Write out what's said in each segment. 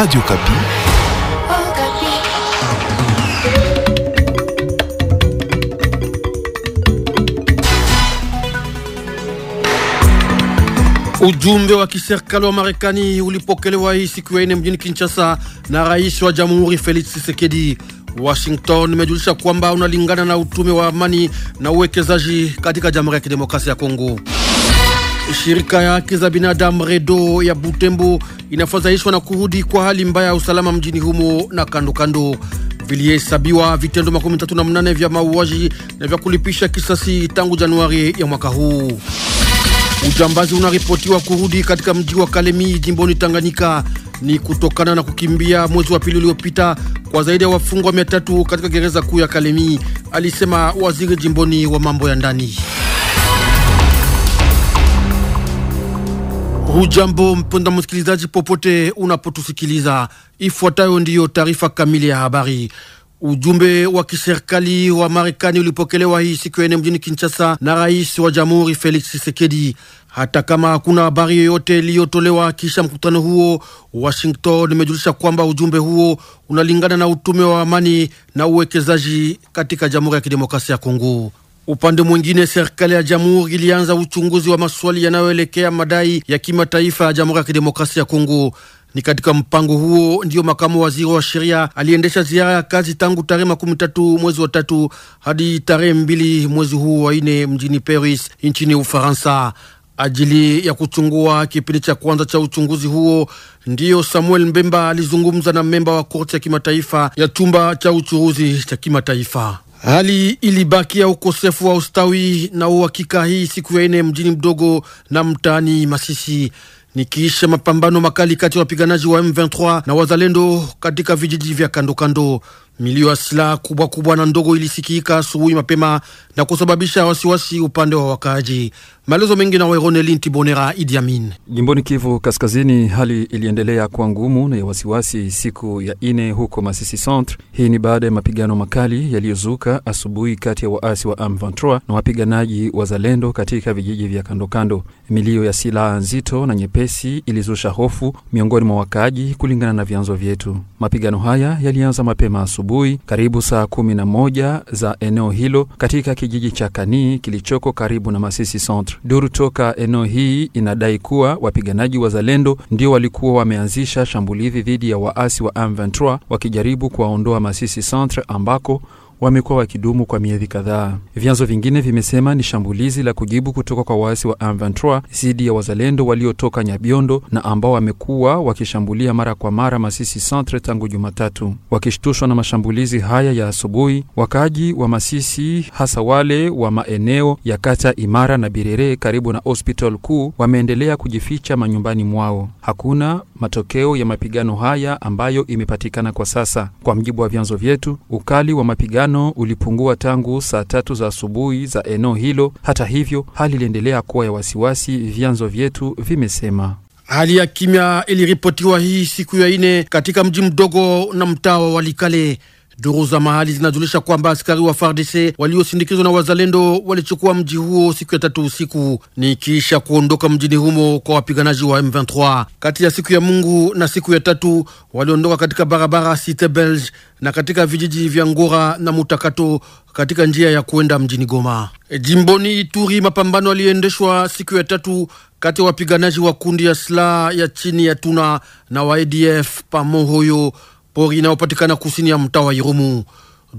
Radio Kapi. Ujumbe wa kiserikali wa Marekani ulipokelewa hii siku ya ine mjini Kinshasa na rais wa jamhuri Felix Tshisekedi. Washington imejulisha kwamba unalingana na utume wa amani na uwekezaji katika Jamhuri ya Kidemokrasia ya Kongo. Shirika ya haki za binadamu Redo ya Butembo inafadhaishwa na kurudi kwa hali mbaya ya usalama mjini humo na kandokando. Vilihesabiwa vitendo makumi tatu na mnane vya mauaji na vya kulipisha kisasi tangu Januari ya mwaka huu. Ujambazi unaripotiwa kurudi katika mji wa Kalemi jimboni Tanganyika. Ni kutokana na kukimbia mwezi wa pili uliopita kwa zaidi ya wafungwa mia katika gereza kuu ya Kalemi, alisema waziri jimboni wa mambo ya ndani. Hujambo mpenda msikilizaji, popote unapotusikiliza, ifuatayo ndiyo taarifa kamili ya habari. Ujumbe wa kiserikali wa Marekani ulipokelewa hii siku ya mjini Kinshasa na rais wa jamhuri Felix Tshisekedi. Hata kama hakuna habari yoyote iliyotolewa kisha mkutano huo, Washington imejulisha kwamba ujumbe huo unalingana na utume wa amani na uwekezaji katika Jamhuri ya Kidemokrasia ya Kongo. Upande mwingine, serikali ya jamhuri ilianza uchunguzi wa maswali yanayoelekea madai ya kimataifa ya Jamhuri ya Kidemokrasia ya Kongo. Ni katika mpango huo ndiyo makamu waziri wa sheria aliendesha ziara ya kazi tangu tarehe makumi tatu mwezi wa tatu hadi tarehe mbili mwezi huu wa ine mjini Paris nchini Ufaransa ajili ya kuchungua kipindi cha kwanza cha uchunguzi huo. Ndiyo Samuel Mbemba alizungumza na memba wa korti ya kimataifa ya chumba cha uchunguzi cha kimataifa. Hali ilibakia ukosefu wa ustawi na uhakika hii siku ya ine mjini mdogo na mtaani Masisi nikiisha mapambano makali kati ya wapiganaji wa M23 na wazalendo katika vijiji vya kandokando. Milio ya silaha kubwa kubwa na ndogo ilisikika asubuhi mapema na kusababisha wasiwasi upande wa wakaaji. Maelezo mengi na Waironelin Tibonera Idi Amin. Jimboni Kivu Kaskazini, hali iliendelea kuwa ngumu na ya wasiwasi siku ya ine huko Masisi Centre. Hii ni baada ya mapigano makali yaliyozuka asubuhi kati ya waasi wa M23 na wapiganaji wa Zalendo katika vijiji vya kandokando. Milio ya silaha nzito na nyepesi ilizusha hofu miongoni mwa wakaaji, kulingana na vyanzo vyetu. Mapigano haya yalianza mapema asubuhi karibu saa kumi na moja za eneo hilo katika kijiji cha Kanii kilichoko karibu na Masisi Centre. Duru toka eneo hii inadai kuwa wapiganaji wazalendo ndio walikuwa wameanzisha shambulizi dhidi ya waasi wa M23 wakijaribu kuwaondoa Masisi Centre ambako wamekuwa wakidumu kwa miezi kadhaa. Vyanzo vingine vimesema ni shambulizi la kujibu kutoka kwa waasi wa M23 dhidi ya wazalendo waliotoka Nyabiondo na ambao wamekuwa wakishambulia mara kwa mara Masisi Centre tangu Jumatatu. Wakishtushwa na mashambulizi haya ya asubuhi, wakaaji wa Masisi hasa wale wa maeneo ya kata Imara na Birere karibu na hospital kuu wameendelea kujificha manyumbani mwao. Hakuna matokeo ya mapigano haya ambayo imepatikana kwa sasa. Kwa mjibu wa vyanzo vyetu, ukali wa mapigano mvutano ulipungua tangu saa tatu za asubuhi za eneo hilo. Hata hivyo, hali iliendelea kuwa ya wasiwasi, vyanzo vyetu vimesema. Hali ya kimya iliripotiwa hii siku ya ine katika mji mdogo na mtaa wa Walikale. Duru za mahali zinajulisha kwamba askari wa FARDC waliosindikizwa na wazalendo walichukua mji huo siku ya tatu usiku, ni kisha kuondoka mjini humo kwa wapiganaji wa M23. Kati ya siku ya Mungu na siku ya tatu waliondoka katika barabara Cite Belge na katika vijiji vya Ngora na Mutakato katika njia ya kuenda mjini Goma. E, jimboni Ituri, mapambano yaliendeshwa siku ya tatu kati ya wapiganaji wa kundi ya silaha ya chini ya Tuna na wa ADF pamohoyo pori inayopatikana kusini ya mtaa wa Irumu.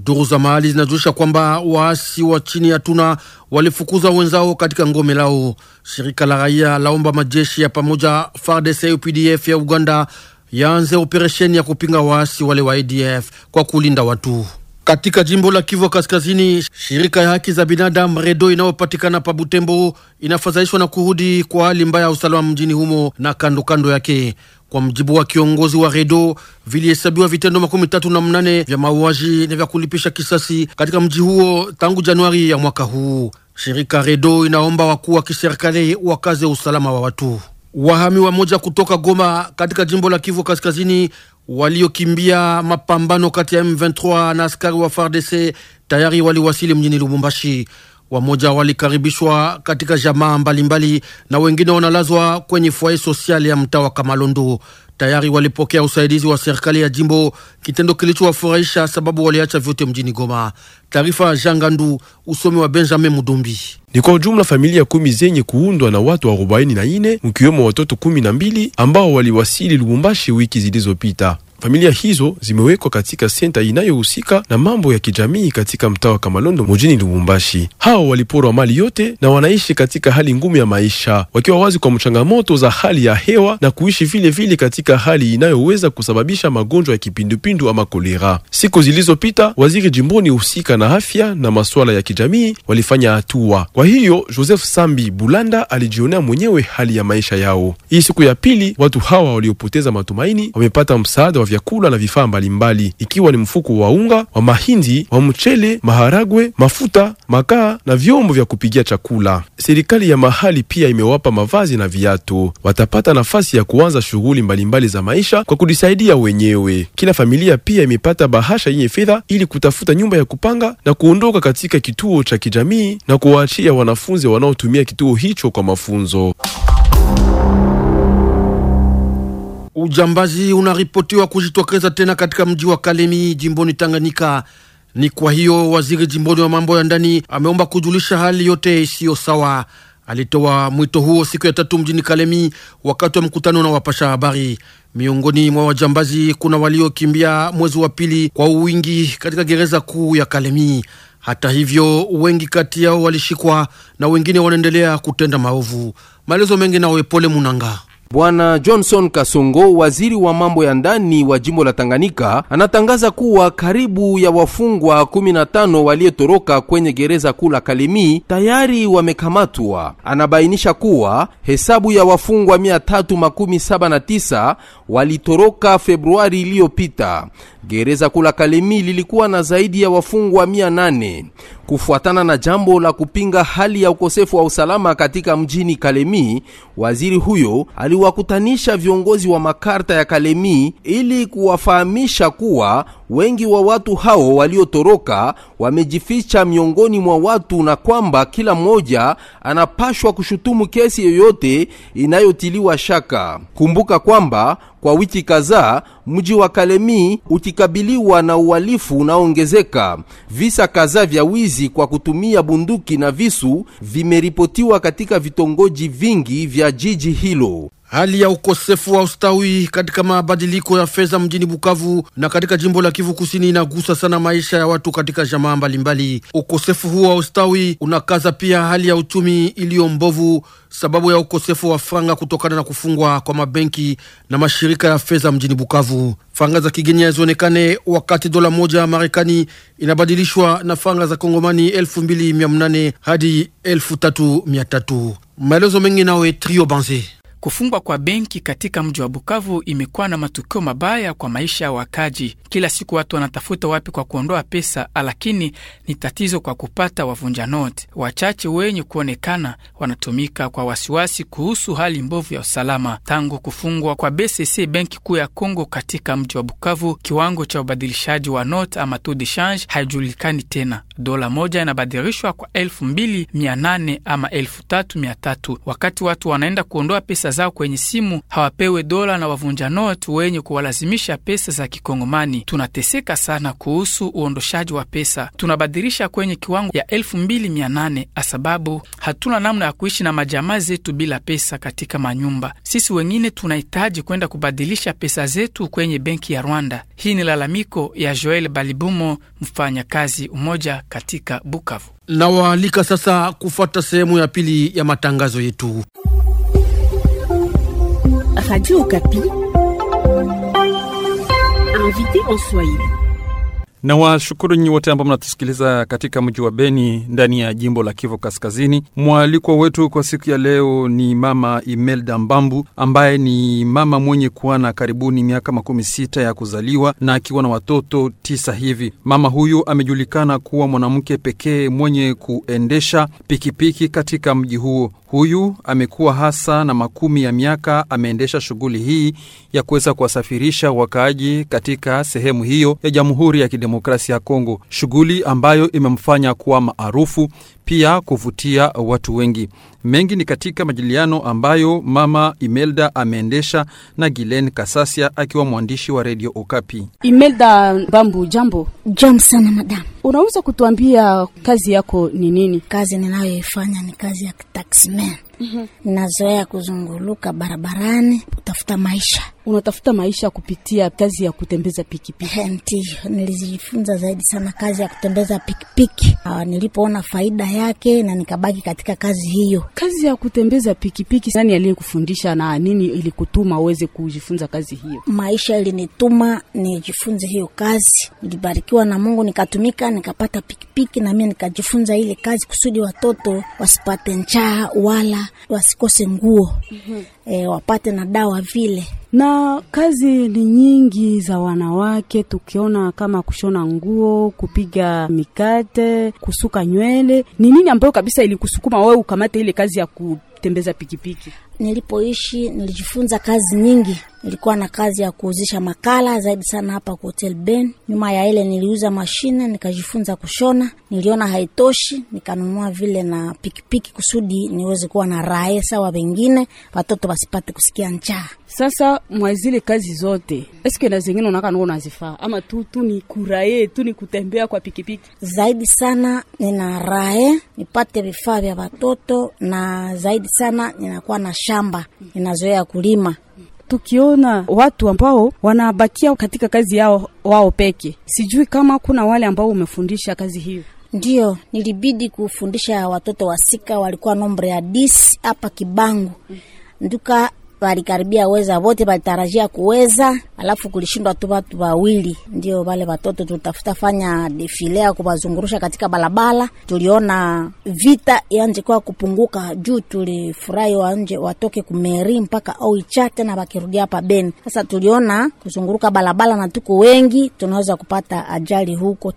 Duru za mahali zinajulisha kwamba waasi wa chini ya tuna walifukuza wenzao katika ngome lao. Shirika la raia laomba majeshi ya pamoja FARDC UPDF ya Uganda yaanze operesheni ya kupinga waasi wale wa ADF kwa kulinda watu katika jimbo la Kivu Kaskazini. Shirika ya haki za binadamu Redo inayopatikana pa Butembo inafadhaishwa na kurudi kwa hali mbaya ya usalama mjini humo na kandokando kando yake. Kwa mjibu wa kiongozi wa Redo, vilihesabiwa vitendo makumi tatu na mnane vya mauaji na vya kulipisha kisasi katika mji huo tangu Januari ya mwaka huu. Shirika Redo inaomba wakuu wa kiserikali wakaze usalama wa watu. Wahami wa moja kutoka Goma katika jimbo la Kivu Kaskazini waliokimbia mapambano kati ya M23 na askari wa FARDC tayari waliwasili mjini Lubumbashi. Wamoja walikaribishwa katika jamaa mbalimbali mbali, na wengine wanalazwa kwenye fwaye sosiali ya mtaa wa Kamalondo. Tayari walipokea usaidizi wa serikali ya jimbo, kitendo kilichowafurahisha sababu waliacha vyote mjini Goma. Taarifa ya Jangandu, usomi wa Benjamin Mudumbi. Ni kwa ujumla familia kumi zenye kuundwa na watu arobaini na nne mkiwemo watoto kumi na mbili ambao waliwasili Lubumbashi wiki zilizopita. Familia hizo zimewekwa katika senta inayohusika na mambo ya kijamii katika mtaa wa Kamalondo mjini Lubumbashi. Hao waliporwa mali yote na wanaishi katika hali ngumu ya maisha, wakiwa wazi kwa mchangamoto za hali ya hewa na kuishi vile vile katika hali inayoweza kusababisha magonjwa ya kipindupindu ama kolera. Siku zilizopita, waziri jimboni husika na afya na masuala ya kijamii walifanya hatua. Kwa hiyo Joseph Sambi Bulanda alijionea mwenyewe hali ya maisha yao. Hii siku ya pili, watu hawa waliopoteza matumaini wamepata msaada wa vyakula na vifaa mbalimbali, ikiwa ni mfuko wa unga wa mahindi, wa mchele, maharagwe, mafuta, makaa na vyombo vya kupigia chakula. Serikali ya mahali pia imewapa mavazi na viatu. Watapata nafasi ya kuanza shughuli mbalimbali za maisha kwa kujisaidia wenyewe. Kila familia pia imepata bahasha yenye fedha ili kutafuta nyumba ya kupanga na kuondoka katika kituo cha kijamii na kuwaachia wanafunzi wanaotumia kituo hicho kwa mafunzo. Ujambazi unaripotiwa kujitokeza tena katika mji wa Kalemi jimboni Tanganyika. Ni kwa hiyo waziri jimboni wa mambo ya ndani ameomba kujulisha hali yote isiyo sawa. Alitoa mwito huo siku ya tatu mjini Kalemi wakati wa mkutano na wapasha habari. Miongoni mwa wajambazi kuna waliokimbia mwezi wa pili kwa uwingi katika gereza kuu ya Kalemi. Hata hivyo, wengi kati yao walishikwa na wengine wanaendelea kutenda maovu. Maelezo mengi nawe Pole Munanga. Bwana Johnson Kasongo, waziri wa mambo ya ndani wa jimbo la Tanganyika, anatangaza kuwa karibu ya wafungwa 15 waliotoroka kwenye gereza kuu la Kalemi tayari wamekamatwa. Anabainisha kuwa hesabu ya wafungwa 379 walitoroka Februari iliyopita. Gereza kuu la Kalemi lilikuwa na zaidi ya wafungwa 800. Kufuatana na jambo la kupinga hali ya ukosefu wa usalama katika mjini Kalemi, waziri huyo aliwakutanisha viongozi wa makarta ya Kalemi ili kuwafahamisha kuwa wengi wa watu hao waliotoroka wamejificha miongoni mwa watu na kwamba kila mmoja anapashwa kushutumu kesi yoyote inayotiliwa shaka. Kumbuka kwamba kwa wiki kadhaa mji wa Kalemi ukikabiliwa na uhalifu unaoongezeka. Visa kadhaa vya wizi kwa kutumia bunduki na visu vimeripotiwa katika vitongoji vingi vya jiji hilo. Hali ya ukosefu wa ustawi katika mabadiliko ya fedha mjini Bukavu na katika jimbo la Kivu Kusini inagusa sana maisha ya watu katika jamaa mbalimbali. Ukosefu huo wa ustawi unakaza pia hali ya uchumi iliyo mbovu sababu ya ukosefu wa franga kutokana na kufungwa kwa mabenki na mashirika ya fedha mjini Bukavu. Franga za kigeni hazionekane wakati dola moja ya Marekani inabadilishwa na franga za Kongomani 2800 hadi 3300. Maelezo mengi nawe Trio Banze. Kufungwa kwa benki katika mji wa Bukavu imekuwa na matukio mabaya kwa maisha ya wakaji. Kila siku watu wanatafuta wapi kwa kuondoa pesa, lakini ni tatizo kwa kupata wavunja noti. Wachache wenye kuonekana wanatumika kwa wasiwasi kuhusu hali mbovu ya usalama. Tangu kufungwa kwa BCC, benki kuu ya Kongo, katika mji wa Bukavu, kiwango cha ubadilishaji wa noti ama taux de change haijulikani tena. Dola moja inabadilishwa kwa elfu mbili mia nane ama elfu tatu mia tatu. Wakati watu wanaenda kuondoa pesa zao kwenye simu hawapewe dola na wavunja noti wenye kuwalazimisha pesa za Kikongomani. Tunateseka sana kuhusu uondoshaji wa pesa, tunabadilisha kwenye kiwango ya elfu mbili mia nane sababu hatuna namna ya kuishi na majamaa zetu bila pesa katika manyumba. Sisi wengine tunahitaji kwenda kubadilisha pesa zetu kwenye benki ya Rwanda. Hii ni lalamiko ya Joel Balibumo, mfanyakazi umoja katika Bukavu. Nawaalika sasa kufuata sehemu ya pili ya matangazo yetu. Radio a invité en Swahili. na washukuru nyinyi wote ambao mnatusikiliza katika mji wa Beni ndani ya jimbo la Kivu Kaskazini. Mwalikwa wetu kwa siku ya leo ni Mama Imelda Mbambu ambaye ni mama mwenye kuwa na karibuni miaka makumi sita ya kuzaliwa na akiwa na watoto tisa hivi. Mama huyu amejulikana kuwa mwanamke pekee mwenye kuendesha pikipiki katika mji huo. Huyu amekuwa hasa na makumi ya miaka ameendesha shughuli hii ya kuweza kuwasafirisha wakaaji katika sehemu hiyo ya Jamhuri ya Kidemokrasia Kidemokrasia ya Kongo, shughuli ambayo imemfanya kuwa maarufu pia kuvutia watu wengi. Mengi ni katika majiliano ambayo mama Imelda ameendesha na Gilen Kasasia akiwa mwandishi wa redio Okapi. Imelda Bambu, jambo. Jambo sana madam. Unaweza kutuambia kazi yako ni nini? Kazi ninayoifanya ni kazi ya taximan. Mm -hmm. Nazoea kuzunguluka barabarani kutafuta maisha unatafuta maisha kupitia kazi ya kutembeza pikipiki? Eh, ndio, nilijifunza zaidi sana kazi ya kutembeza pikipiki ah, nilipoona faida yake na nikabaki katika kazi hiyo. Kazi ya kutembeza pikipiki, nani aliyekufundisha na nini ilikutuma uweze kujifunza kazi hiyo? Maisha ilinituma nijifunze hiyo kazi. Nilibarikiwa na Mungu, nikatumika, nikapata pikipiki na mimi nikajifunza ile kazi kusudi watoto wasipate njaa wala wasikose nguo, mm -hmm. E, wapate na dawa vile na kazi ni nyingi za wanawake, tukiona kama kushona nguo, kupiga mikate, kusuka nywele. Ni nini ambayo kabisa ilikusukuma wewe ukamate ile kazi ya kutembeza pikipiki? Nilipoishi nilijifunza kazi nyingi. Nilikuwa na kazi ya kuuzisha makala zaidi sana hapa kwa Hotel Ben. Nyuma ya ile niliuza mashine, nikajifunza kushona. Niliona haitoshi, nikanunua vile na pikipiki kusudi niweze kuwa na rahe sawa wengine, watoto wasipate kusikia njaa. Sasa mwa zile kazi zote, eske na zingine unaka ndio unazifaa ama tu tu ni kurahe tu ni kutembea kwa pikipiki? Zaidi sana nina raha nipate vifaa vya watoto na zaidi sana ninakuwa na shamba, inazoea kulima. Tukiona watu ambao wanabakia katika kazi yao wao peke, sijui kama kuna wale ambao umefundisha kazi hiyo. ndio nilibidi kufundisha watoto wasika, walikuwa nombre ya disi hapa Kibangu, nduka walikaribia weza wote, walitarajia kuweza, alafu kulishindwa tu watu wawili, ndio wale watoto tutafuta fanya defilea kuwazungurusha katika barabara. Tuliona vita yanje kwa kupunguka juu, tulifurahi wanje watoke kumeri mpaka au ichate na bakirudia hapa Beni. Sasa tuliona kuzunguruka barabara na tuko wengi, tunaweza kupata ajali huko.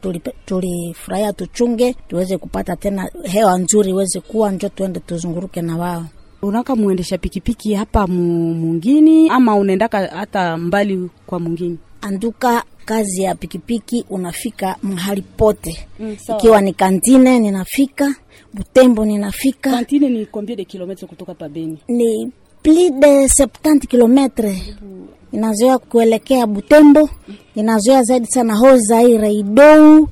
Tulifurahia tuchunge, tuweze kupata tena hewa nzuri, iweze kuwa njo tuende tuzunguruke na wao unaka muendesha pikipiki hapa mungini ama unaendaka hata mbali kwa mungini? Anduka kazi ya pikipiki unafika mahali pote mm, Ikiwa ni kantine ninafika Butembo ninafika. Kantine ni combien de kilometre kutoka pa Beni? Ni plus de 70 kilometre Inazoea kuelekea Butembo, inazoea zaidi sana ho Zaire Idou.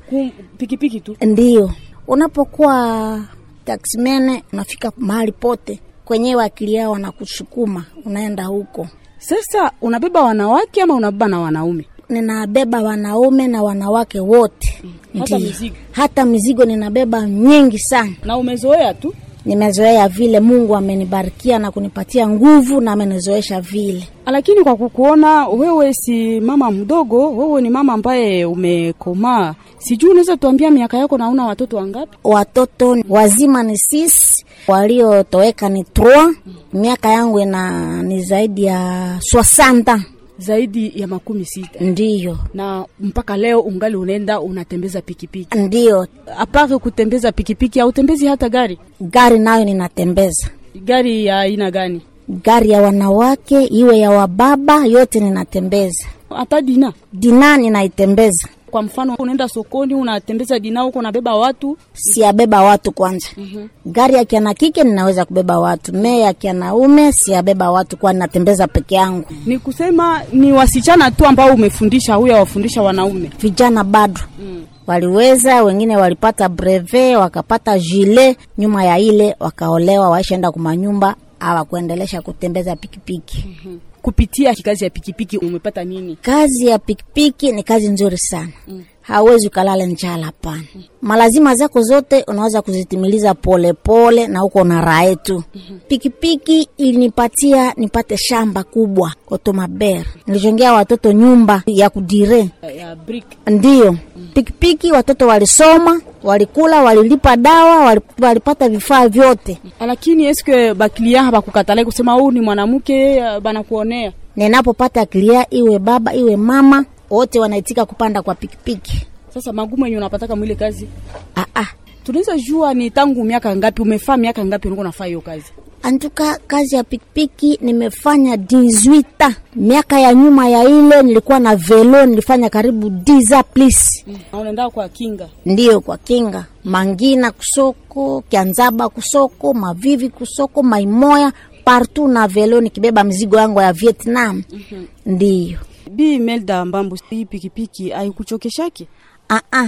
Pikipiki tu ndio unapokuwa taksimene unafika mahali pote kwenyewe akili yao wanakusukuma unaenda huko. Sasa unabeba wanawake ama unabeba na wanaume? Ninabeba wanaume na wanawake wote. Hmm. Hata mizigo, hata mizigo ninabeba nyingi sana, na umezoea tu nimezoea vile. Mungu amenibarikia na kunipatia nguvu na amenizoesha vile. Lakini kwa kukuona wewe si mama mdogo, wewe ni mama ambaye umekomaa. Sijui unaweza tuambia miaka yako na una watoto wangapi? Watoto wazima ni sisi, waliotoweka ni trois. Miaka yangu ina ni zaidi ya swasanta zaidi ya makumi sita ndiyo, na mpaka leo ungali unaenda unatembeza pikipiki? Ndiyo. Apare kutembeza pikipiki, hautembezi hata gari? Gari nayo ninatembeza. Gari ya aina gani? Gari ya wanawake iwe ya wababa, yote ninatembeza. Hata dina dina ninaitembeza. Kwa mfano unaenda sokoni, unatembeza dinao huko, unabeba watu, siabeba watu kwanza. mm -hmm. Gari ya kiana kike ninaweza kubeba watu, me ya kianaume siabeba watu, kwa natembeza peke yangu. Ni kusema ni wasichana tu ambao umefundisha, huyo awafundisha wanaume? Vijana bado mm waliweza wengine walipata breve wakapata jile, nyuma ya ile wakaolewa, waishaenda kumanyumba, awakuendelesha kutembeza pikipiki piki. mm -hmm kupitia kazi ya pikipiki umepata nini? Kazi ya pikipiki ni kazi nzuri sana mm. Hawezi ukalala njala, hapana. Mm. Malazima zako zote unaweza kuzitimiliza polepole pole, na uko na raha tu. Mm -hmm. Pikipiki ilinipatia nipate shamba kubwa Otomaber, nilichongea watoto nyumba ya kudire ya brick. Ndiyo mm. pikipiki watoto walisoma walikula, walilipa dawa, walipata vifaa vyote. Lakini eske bakilia hapakukatala kusema huu oh, ni mwanamke eh, banakuonea. Ninapopata klia iwe baba iwe mama, wote wanaitika kupanda kwa pikipiki. Sasa magumu yenye unapataka mwile kazi, ah ah, tunaweza jua ni tangu miaka ngapi umefaa, miaka ngapi unakuwa unafaa hiyo kazi Antuka kazi ya pikipiki nimefanya 18 miaka ya nyuma ya ile nilikuwa na velo, nilifanya karibu diza plus. Unaenda kwa kinga? Ndiyo, kwa kinga Mangina kusoko, Kianzaba kusoko, Mavivi kusoko, Maimoya partout na velo nikibeba mizigo yangu ya Vietnam. mm -hmm. Ndiyo. Bi Melda Mbambu, hii pikipiki haikuchokeshaki? Ah ah.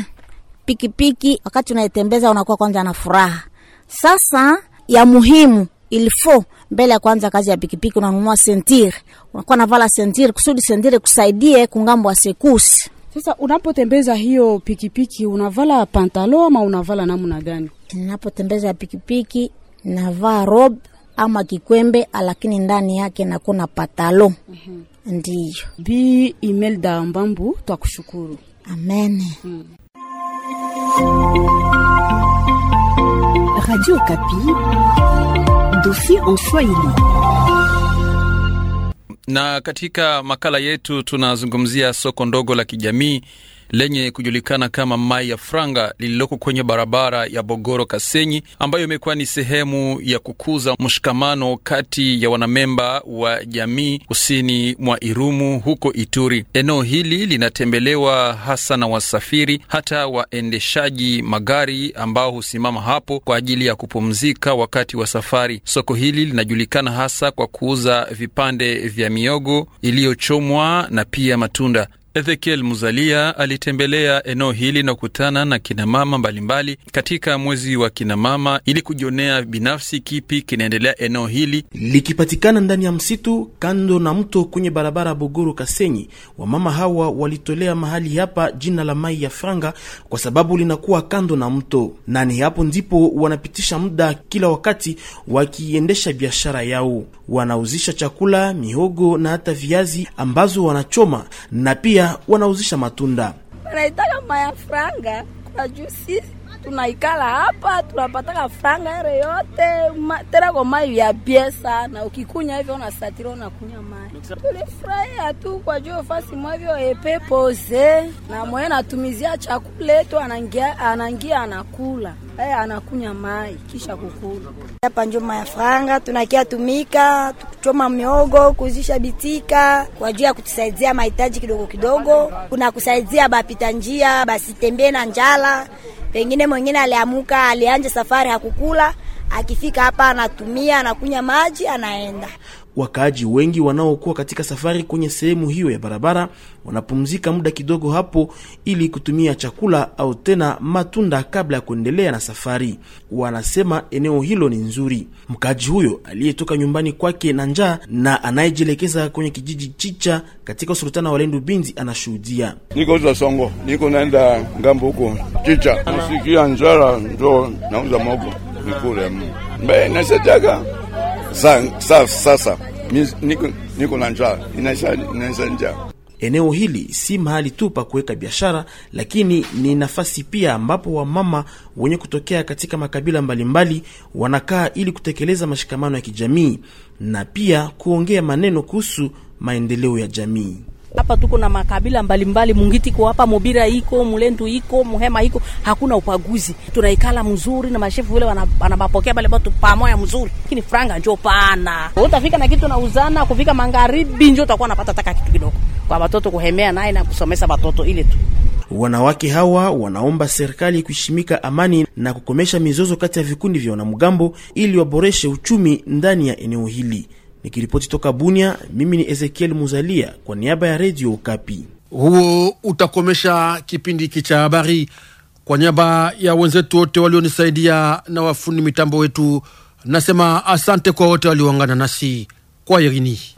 Pikipiki wakati unaitembeza unakuwa kwanza na furaha. Sasa ya muhimu il faut mbele ya kwanza kazi ya pikipiki unanunua sentire, unakuwa navala sentire kusudi sentire kusaidie kungambo wa sekusi. Sasa unapotembeza hiyo pikipiki unavala pantalo ama unavala namna gani? Ninapotembeza pikipiki navaa rob ama kikwembe, lakini ndani yake nakuna patalo. mm-hmm. Ndiyo. Bi Imelda Mbambu, twakushukuru. Amen. mm. Radio Kapi, dossier en Swahili. Na katika makala yetu tunazungumzia soko ndogo la kijamii lenye kujulikana kama Mai ya Franga lililoko kwenye barabara ya Bogoro Kasenyi, ambayo imekuwa ni sehemu ya kukuza mshikamano kati ya wanamemba wa jamii kusini mwa Irumu huko Ituri. Eneo hili linatembelewa hasa na wasafiri, hata waendeshaji magari ambao husimama hapo kwa ajili ya kupumzika wakati wa safari. Soko hili linajulikana hasa kwa kuuza vipande vya miogo iliyochomwa na pia matunda. Ezekiel Muzalia alitembelea eneo hili na kukutana na kinamama mbalimbali katika mwezi wa kinamama ili kujionea binafsi kipi kinaendelea eneo hili likipatikana ndani ya msitu kando na mto kwenye barabara Bogoro Kasenyi. Wamama hawa walitolea mahali hapa jina la Mai ya Franga kwa sababu linakuwa kando na mto, na ni hapo ndipo wanapitisha muda kila wakati wakiendesha biashara yao. Wanauzisha chakula, mihogo na hata viazi ambazo wanachoma na pia wanauzisha matunda, wanaitaka maya franga kwa juu sisi tunaikala hapa tunapataka franga ere yote ma, tena kwa mai ya bie sana. Ukikunya hivyo unasatira unakunya mai. Tulifurahia tu kwa juu fasi mwavyo epepoze na mwe natumizia chakula yetu, anangia anangia anakula Hey, anakunya mai kisha kukula hapa njoma ya franga tunakia tumika tukuchoma miogo kuzisha bitika kwa ajili ya kutusaidia mahitaji kidogo kidogo, kuna kusaidia bapita njia basitembee na njala Pengine mwingine aliamuka, alianje safari, hakukula, akifika hapa anatumia, anakunya maji, anaenda. Wakaaji wengi wanaokuwa katika safari kwenye sehemu hiyo ya barabara wanapumzika muda kidogo hapo ili kutumia chakula au tena matunda kabla ya kuendelea na safari. Wanasema eneo hilo ni nzuri. Mkaaji huyo aliyetoka nyumbani kwake na njaa na anayejielekeza kwenye kijiji Chicha katika usultana wa Lendu Binzi anashuhudia. Niko za Songo, niko naenda ngambo huko Chicha, nasikia njara, ndo nauza mogo nikule mbe nasetaga sasa sasa niko, niko na njaa inaisha, inaisha njaa. Eneo hili si mahali tu pa kuweka biashara, lakini ni nafasi pia ambapo wamama wenye kutokea katika makabila mbalimbali wanakaa ili kutekeleza mashikamano ya kijamii na pia kuongea maneno kuhusu maendeleo ya jamii. Hapa tuko na makabila mbalimbali, Mungiti kwa hapa, Mobira iko, Mulendu iko, Muhema iko, hakuna upaguzi. Tunaikala mzuri na mashefu wale wanabapokea pale watu pamoja mzuri. Lakini franga njoo pana. Utafika na kitu nauzana, kufika magharibi njoo utakuwa unapata taka kitu kidogo. Kwa watoto kuhemea naye na kusomesa watoto ile tu. Wanawake hawa wanaomba serikali kuheshimika amani na kukomesha mizozo kati ya vikundi vya wanamgambo ili waboreshe uchumi ndani ya eneo hili. Nikiripoti toka Bunia, mimi ni Ezekiel Muzalia kwa niaba ya Redio Kapi. Huo utakomesha kipindi hiki cha habari. Kwa niaba ya wenzetu wote walionisaidia na wafundi mitambo wetu, nasema asante kwa wote walioungana nasi kwa Irini.